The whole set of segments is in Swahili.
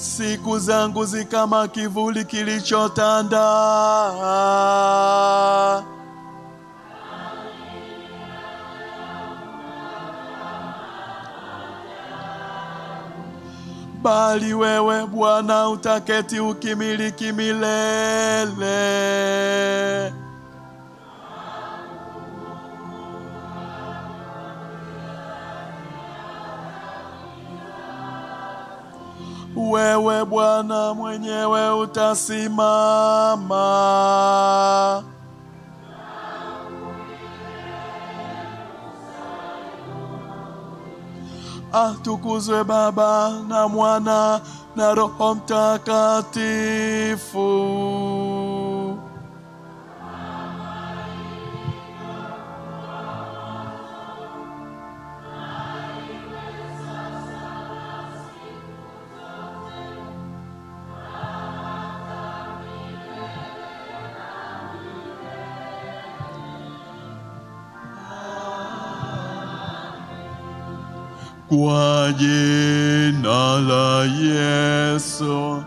Siku zangu zikama kivuli kilichotanda. Bali wewe Bwana utaketi ukimiliki milele. wewe Bwana mwenyewe utasimama. Atukuzwe ah, Baba na Mwana na Roho Mtakatifu. la yesu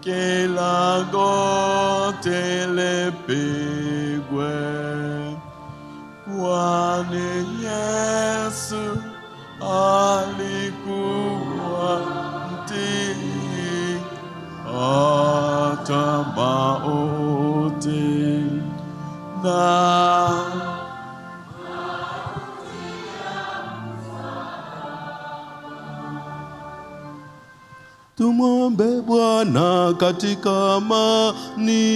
que la gote le yesu Guane yeso, alikuante, atabaote, na Tumwombe Bwana katika amani.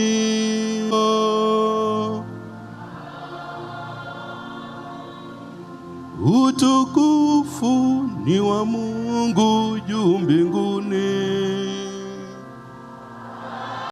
Utukufu ni wa Mungu juu mbinguni